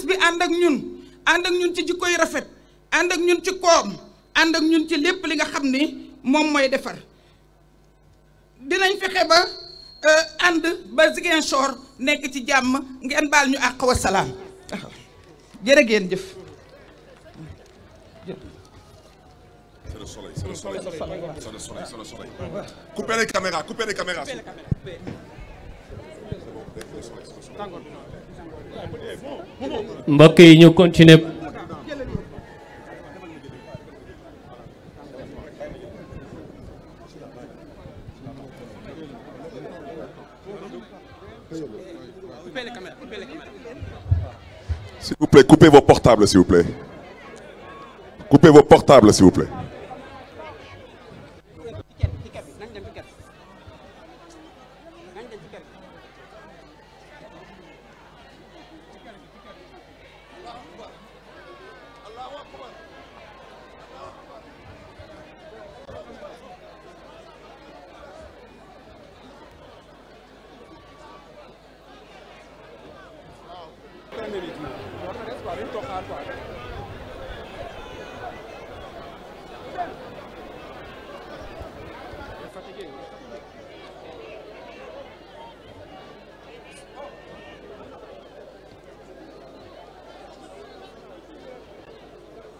jeunesse bi ànd ak ñun ànd ak ñun ci jikko yu rafet ànd ak ñun ci koom ànd ak ñun ci lépp li nga xam ni moom mooy defar dinañ fexe ba euh, ànd ba Ziguinchor nekk ci jàmm ngeen baal ñu àq wa salaam jërë jëf soleil, c'est le soleil, c'est le soleil, c'est le soleil, mbokk yi ñu continuer S'il vous plaît, coupez vos portables, s'il vous plaît. Coupez vos portables, s'il vous plaît. mérite moom war na des quoi dañ toog xaar quoi